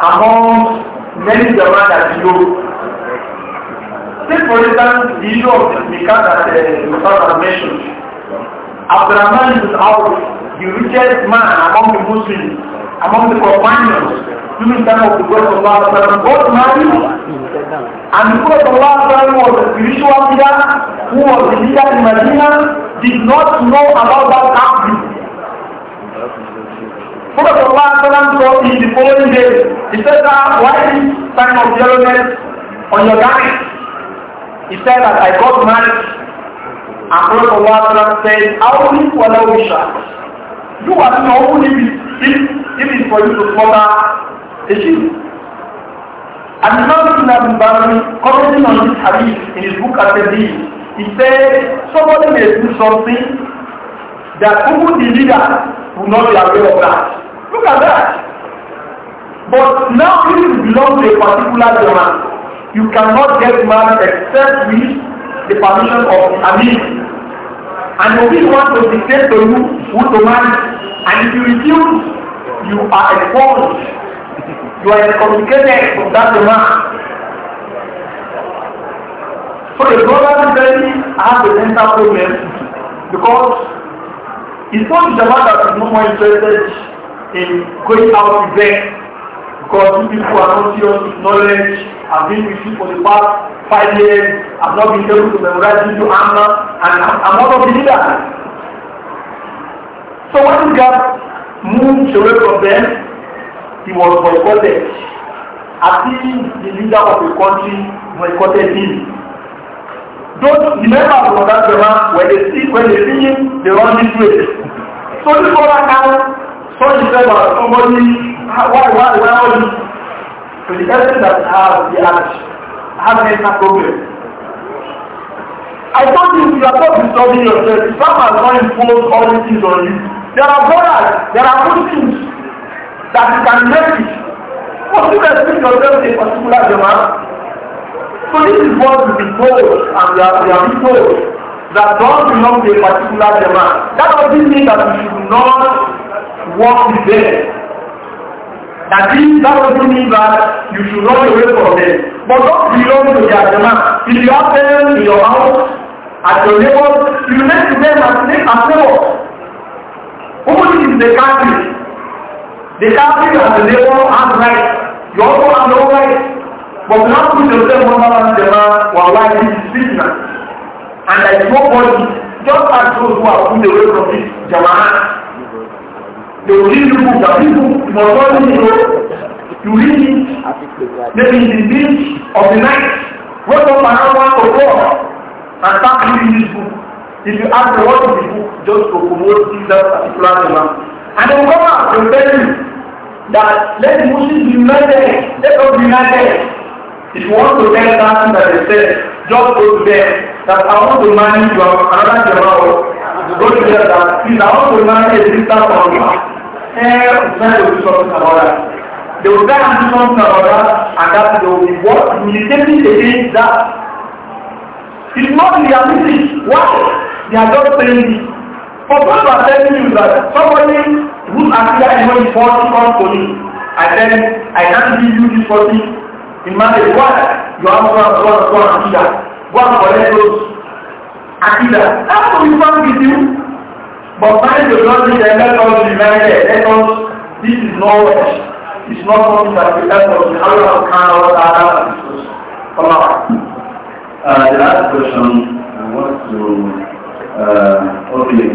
among many German that you know. Take for instance the issue of the Mikah that uh, Mustafa mentioned. Abdurrahman ibn Auf, the richest man among the Muslims, among the companions, during the time of the Prophet Allah was married, and the Prophet Allah was a spiritual leader who was the leader in Medina, did not know about that happening. Prophet Allah saw in the following day, he said that why this time of yellowness on your garment? He said that I got married Àkọ́lọ́pọ̀ wa tọ́lá said, Àwọn oníwọlé òṣà, you are not only if it's for you to slaughter a sheep. And Imam Ibn Abu commenting on this hadith in his book At-Tabir, he said, somebody may do something that even the leader will not be aware of that. Look at that. But now if you belong to a particular demand. you cannot get married except with the permission of Amir. And the king wants to dictate to you who to marry. And if you refuse, you are exposed. You are excommunicated from that demand. So the brother really has a mental problem because it's not the man that is no more interested in going out with them Because you people are not serious with knowledge. I've been with you for the past five years. I've not been able to memorize you to answer, and I'm, not a believer. So when God moved away from them, he was boycotted. As if the leader of the country boycotted him. Those remember from that drama when they see when they see him, they run this way. So this other guy saw himself as somebody why, why, why are you? To the person that has the allergy, has an extra problem. I told you you are not disturbing yourself. Islam has not imposed all these things on you. There are brothers, there are good things that you can make it. But you can speak yourself in a particular demand. So this is what we be told and we are, we are being told that don't belong to a particular demand. That doesn't mean that we should not work with them. That is, that doesn't mean that you should run away from them. But don't belong to their demand. If you have them in your house, at your neighbor, you relate to them as as neighbor. Only if they can't be. The captive and the neighbor has right. You also have no right, But you have to put yourself under that demand while life is business. And there is nobody, just as those who are put away from this, Jama'ah, يريدكم تقيكم الموضوع يريد maybe in the beach of the night wake up around one o'clock and start reading this book if you ask them what is the book just to promote that particular demand and they will come out and tell you that let the Muslims be united let us be united if you want to tell something that they said just go to them that I want to manage your another jamaah go to them that please I want to manage a sister from you everybody will do something about that. They will try and do something about that, and that they will be what militating against that. It's not realistic. Why? They are just saying this. For those who are telling you that somebody who's appear in one forty comes to me, and then I can't give you this forty in marriage. Why? You have to have God, God, and Peter. Go and collect those. Akida. That's what we found with you. But marriage does not mean that let us be married. Let us, this is not, it's not something that we have to Allah subhanahu wa ta'ala Allah. Uh, the last question I want to, uh, okay,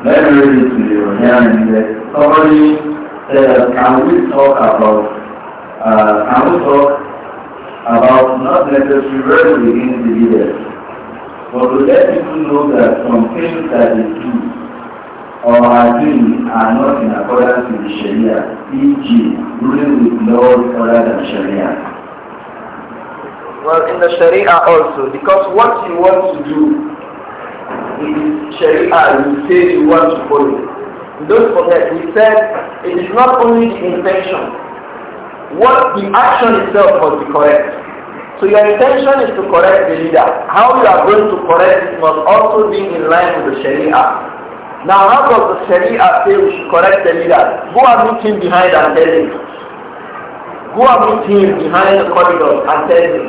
let me read it to you. Yeah, somebody said, can we talk about, uh, can we talk about not necessarily within the leaders, but to let people know that some things that they do or are doing are not in accordance with the Sharia, e.g., ruling with laws other than Sharia? Well, in the Sharia also, because what you want to do is Sharia, you say you want to follow. Don't forget, we said it is not only the intention. What the action itself must be correct. So your intention is to correct the leader. How you are going to correct it must also be in line with the Sharia. Now, how does the Sharia say we should correct the leader? Go and meet him behind and tell him. Go and meet him behind the corridor and tell him.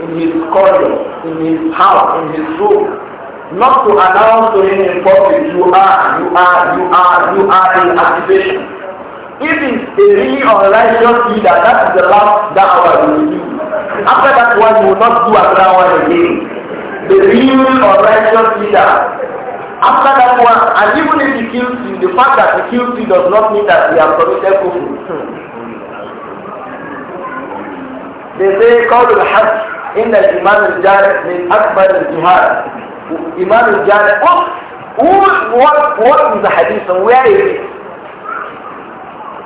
In his corridor, in his house, in his room. Not to announce to him in public, you are, you are, you are, you are in activation. If it's a really unrighteous leader, that is the last da'wah you will do. After that one, you will not do another one again. The real unrighteous leader After that one, and even if he kills you, the fact that he kills you does not mean that he has committed kufr. They say, the iman الحج jar الإمام akbar من jihad." Iman the jar. oh, who, what, what is the hadith and where is it?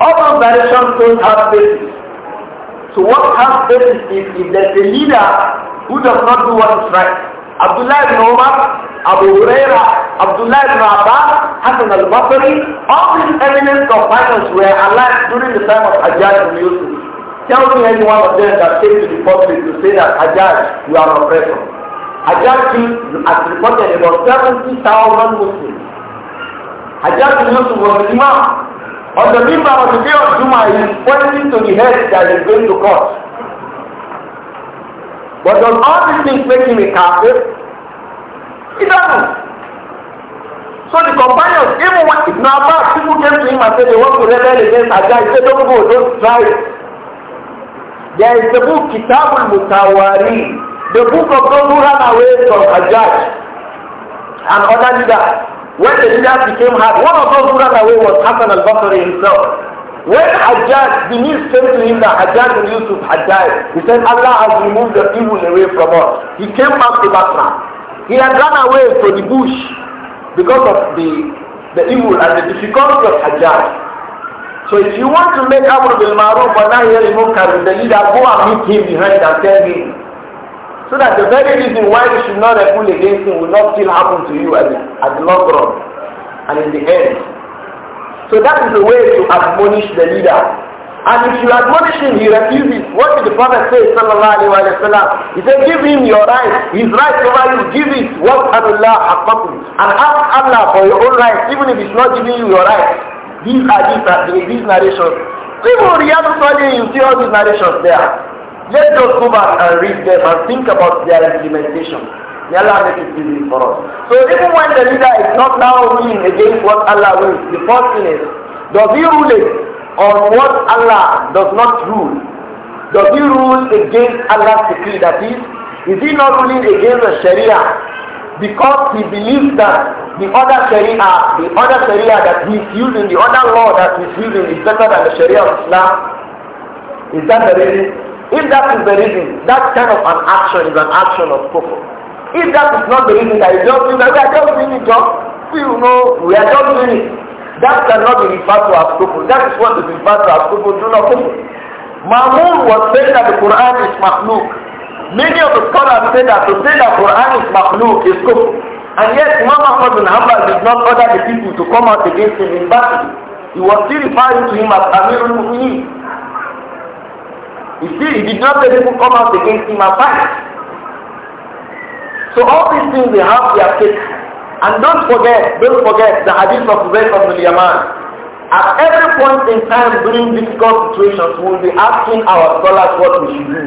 All the directions don't have basis. So what has basis is if there's a leader who does not do what is right, Abdullah ibn Umar, Abu Huraira, Abdullah ibn Abbas, Hassan al-Basri, all these eminent companions were alive during the time of Hajjaj ibn Yusuf. Tell me any one of them that came to the public to say that Hajjaj, you are a oppressor. Hajjaj killed, as reported, about seventy thousand Muslims. Hajjaj ibn Yusuf was an imam. On the member of the day of Juma, he is pointing to the head that is going to cut. But does all these things make him a kafir? He doesn't. So the companions, even when Ibn Abbas, people came to him and said they want to rebel against Ajah. He said, don't go, don't try it. There is the book Kitabul Mutawari, the book of those who ran away from Hajjaj and other leaders. When the leaders became hard, one of those who ran away was Hassan al-Basri himself. When Hajjaj, the news came to him that Hajjaj and Yusuf had died, he said, Allah has removed the evil away from us. He came back to Basra. He had run away to the bush because of the, the evil and the difficulty of Hajjaj. So if you want to make Amr bil Maruf and Nahi al Munkar the leader, go and meet him behind and tell him. So that the very reason why you should not rebel against him will not still happen to you at the, at the long run and in the end. So that is the way to admonish the leader. And if you admonish him, he refuses. What did the Prophet say, sallallahu alayhi wa sallam? He said, give him your right. His right over you, give it. What Allah haqqakum. And ask Allah for your own right, even if he's not giving you your right. These are these, narrations. these narrations. Even Riyadh Salih, you see all these narrations there. Let's just go back and read them and think about their implementation. Allah make it easy for us. So even when the leader is not now ruling against what Allah wills, the first thing is, does he rule it on what Allah does not rule? Does he rule against Allah's decree? That is, is he not ruling against the Sharia because he believes that the other Sharia, the other Sharia that he's using, the other law that he's using is better than the Sharia of Islam? Is that the reason? If that is the reason, that kind of an action is an action of kufr. If that is not the reason that you just do that, we are just doing it, just you know, we are just doing it. That cannot be referred to as kufr. That is what is referred to as kufr, do not kufr. Mahmoud was saying that the Quran is makhluk. Many of the scholars say that to say that Quran is makhluk is kufr. And yet Imam Ahmad bin Hanbal did not order the people to come out against him in battle. He was still referring to him as Amirul Mu'mineen. You see, he did not let people come out against him and fight. So all these things they have their kids, And don't forget, don't forget the hadith of Zayd of the Yaman. At every point in time during difficult situations, we will be asking our scholars what we should do.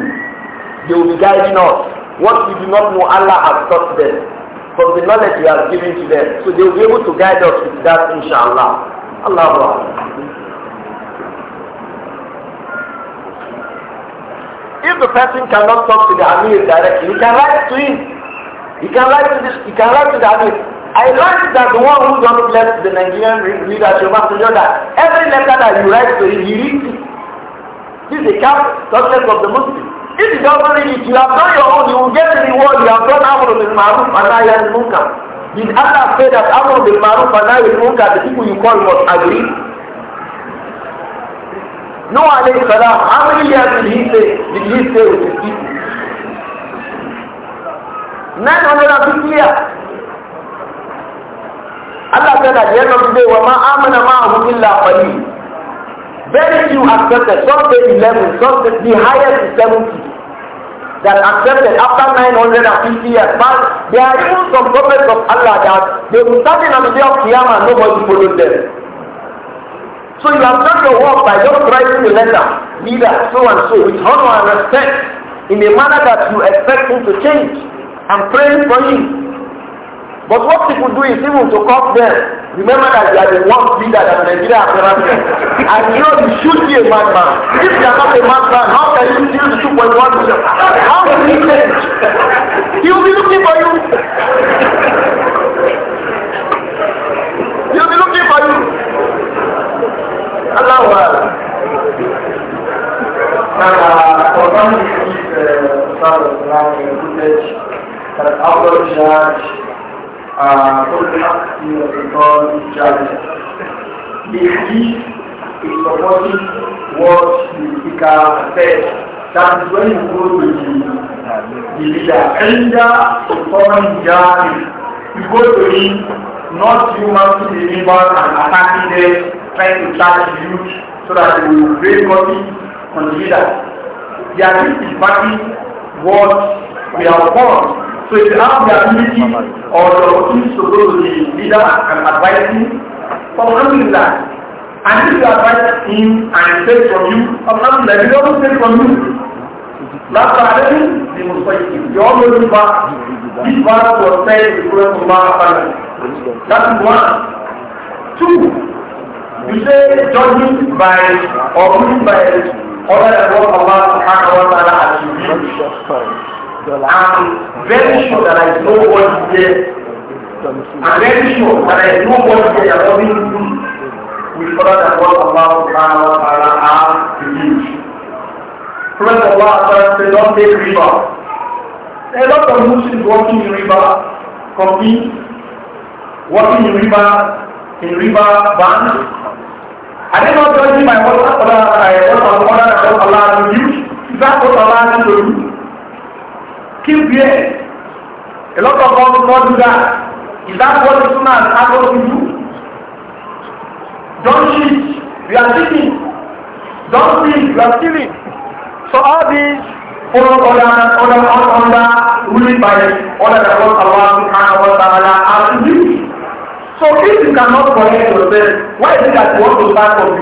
They will be guiding us. What we do not know, Allah has taught them from the knowledge He has given to them. So they will be able to guide us with that, inshallah. Allah If the person cannot talk to the Amir directly, he can write to him. He can write to this, He can write to that. I like that the one who don't bless the Nigerian leadership has to know that every letter that you write to him, he reads it. This is the cap subject of the Muslim. If you don't read it, you have done your own, you will get the reward, you have done Amr bin Maruf and Ayan Munkar. Did Allah say that Amr bin Maruf and Ayan Munkar, the people you call must agree? No, alayhi salam, how many years did he say, did he say with his people? nine years. Allah said at the end of the day, وَمَا آمَنَ مَعَهُ إِلَّا قَلِيلٌ Very few accepted, some say 11, some say the highest is 70 that accepted after 950 years. But there are even some prophets of Allah that they will stand in the day of Qiyamah and nobody followed them. So you have done your work by just writing the letter, leader, so and so, with honor and respect, in a manner that you expect him to change. I'm praying for you. But what people do is even to cut them. Remember that they are the one leader that Nigeria has ever seen. And you know you should be a madman. If you are not a madman, how can you steal the 2.1 million? How will he change? He will be looking for you. He will be looking for you. Allah will. Now, uh, for some of these, uh, uh كانت أفضل جهاز كل الحق في if he is الصفات what the speaker said that is when you go to the leader and the someone judge, you go to him not human to the human and attacking them trying to charge you so that they will bring money on the leader their risk is backing what we are born So if you have the ability or the opportunity to go to the leader and advise him, alhamdulillah. And if you advise him and he takes from you, alhamdulillah, he doesn't take from you. Last Saturday, the Muslim, you all know this verse. This verse was said in the Quran of Allah. That is one. Two, you say judging by or judging by other than what Allah subhanahu wa ta'ala has revealed. I'm very sure that I know what is there. I'm very sure that I know what is there I'm nothing to do with other than what Allah subhanahu wa ta'ala has revealed. Prophet Allah said, don't take riba. A lot of Muslims walking in riba compete, Walking in river. in riba banks. Are they not judging by what Allah, what Allah, what Allah to use. Is that what Allah has revealed? keep there. A lot of us don't do that. Is that what the sunnah has asked to do? Don't cheat. We are cheating. Don't steal. We are stealing. So all these fall under under under ruling by under the word Allah Subhanahu wa Taala has to do. So if you cannot correct yourself, why is it that you want to start from the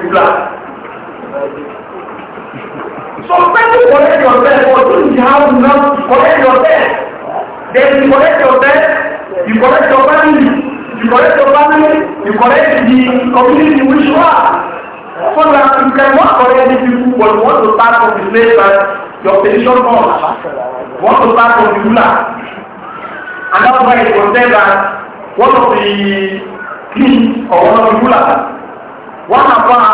So when you correct yourself, what do you have now? collect your debt. Then you collect your debt, you collect your family, you collect your family, you collect the community in which you are. So that you cannot correct any people, but you want to start from the place that your petition comes. You want to start from the ruler. And that's why it was said that one of the kings or one of the rulers, one of our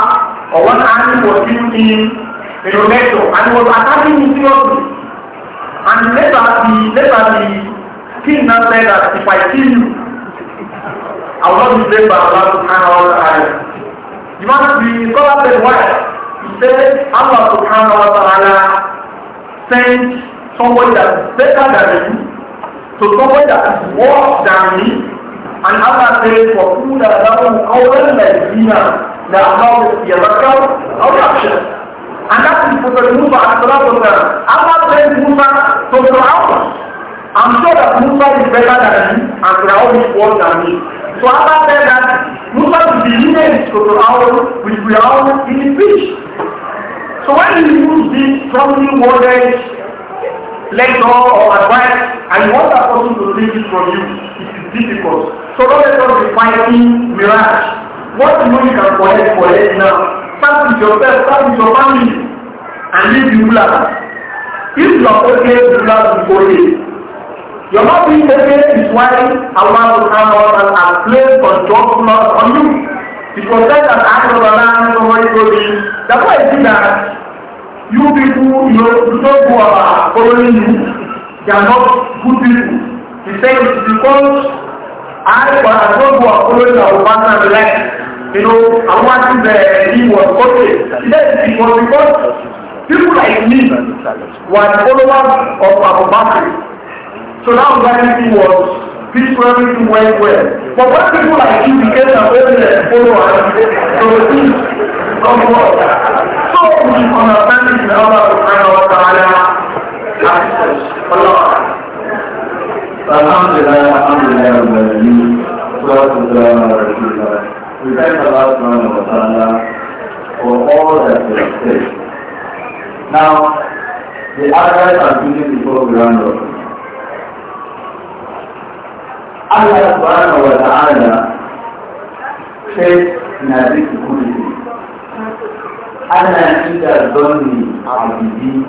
or one army was killed him in Oneto and he was attacking him seriously. And later the, later the king now say that if I kill you, I will not be blamed by Allah subhanahu wa ta'ala. You must be, God said why? He said Allah subhanahu wa ta'ala Send somebody that is better than you to somebody that is worse than me. And Allah says, وَقُولَ لَهُمْ قَوْلًا لَيْزِينَا لَعَلَّهُ يَذَكَّرُ أَوْ يَخْشَى And that is for the Musa and Salah was there. Allah sent Musa to Fir'aun. I'm sure that Musa is better than me and Fir'aun is worse than me. So Allah said that Musa is the image to Fir'aun with Fir'aun in the fish. So when you use this strongly worded lecture or advice and want that person to take it from you, it is difficult. So don't let us be fighting mirage. What you know you can collect, collect now. Start with yourself, start with your family, and leave the ruler. If you are okay, the ruler will go away. Your not being okay is why Allah out and ta'ala for placed control on you. It was said that after the land, nobody told you. That's why I see that you people, you know, those who are following you, they are not good people. He said it's because àìkọ́ àtọ́gbù ọ̀pọ̀lọpọ̀ ọ̀pá náà lẹ́ inú àwọn àti bẹ̀rẹ̀ ní wọ̀ kókè lẹ́yìn tí wọ́n ti kọ́ people like me were followers of Abu Bakr so now that he was spiritually everything went well but when people like you became a follow followers so things come work so we understand it in order to find out our Allah. الحمد لله الحمد لله رب العالمين والصلاة والسلام على رسول الله We thank Allah subhanahu wa ta'ala for all that He has said. Now, the ayahs are finished before we round off. Allah subhanahu wa ta'ala says in Hadith Qudsi, أنا عند ظن عبدي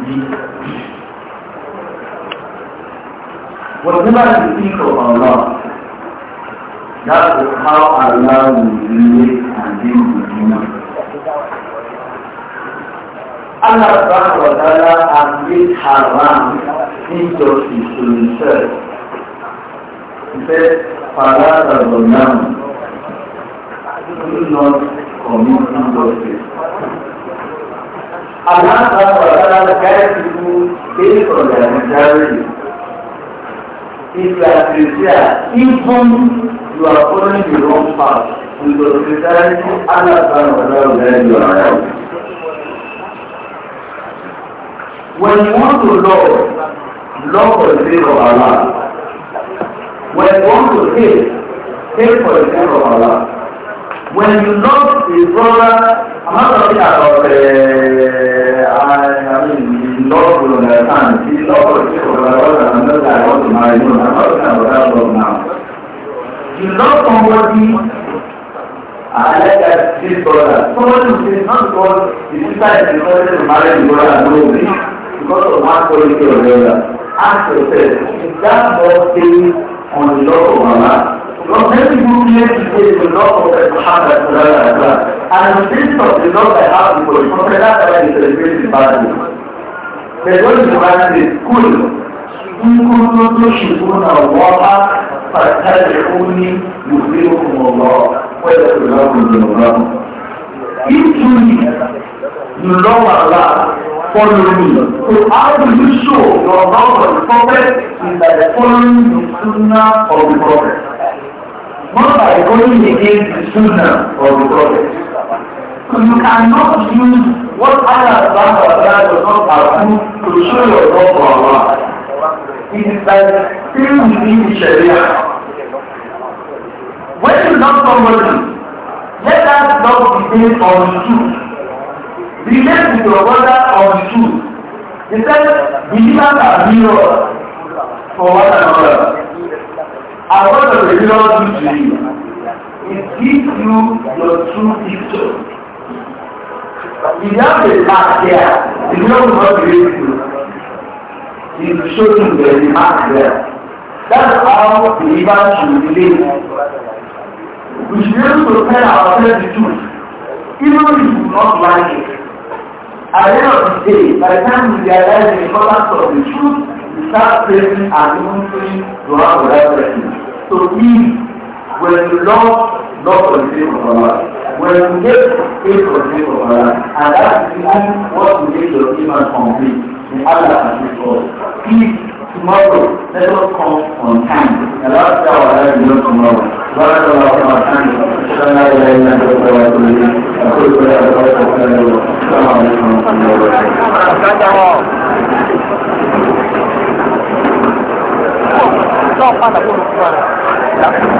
Whatever you think of Allah, that is how Allah will relate and deal with you. Allah subhanahu wa ta'ala has made haram injustice to himself. He said, فَلَا تَظَلَّمُ Do not commit injustice. Allah subhanahu wa ta'ala guides people based on their majority if you are sincere, even you are following the wrong path, with your sincerity, Allah than wa ta'ala will guide you around. When you want to love, love for the sake of Allah. When you want to hate, hate for the sake of Allah. When you love a brother, I'm not talking about, uh, I, I mean, lawful understand shi lawful shi ko da wata nan da ya wata mai nuna na farka da wata ko na shi lawful wadi alaka shi bola so what you say not call the inside the person to marry the bola no be because of one quality of the other ask yourself is that more thing on the law of Allah Because many people claim to say the law of Muhammad and this of the law I have before the Prophet that I celebrate the Bible. فدول تبدل كل إن كنتم تشركون الله فاتبعوني يخبركم الله ويغفر لكم ذنوبكم Nítorí lọ́wọ́ àlá fọ́lọ́mì, so how do you show your love of the prophet is by following the sunnah of the prophet? Not by going against the sunnah of the prophet. So you cannot use What Allah subhanahu wa ta'ala does not allow to show your love for Allah. It is like still within the Sharia. When you love somebody, let that love be based on the truth. Relate with your brother on the truth. He said, believers are mirrors for one another. And what does the mirror do to you? It gives you your true picture. If you have a path there, you don't know what you do. You show him the remark there. That's how believers should live. We should be able to tell ourselves the truth, even if we do not like it. At the end of the day, by the time we realize the importance of the truth, we start praising and even praying to our reverence. So please, When you love, love for the sake of Allah. When you hate, hate for the sake of Allah. And that is even what will make your iman complete. May Allah has us. If tomorrow, let us come on time. And last hour, I will not come out. بارك الله في الرحمن السلام عليكم ورحمة الله وبركاته السلام عليكم ورحمة الله وبركاته 到换的不能说了。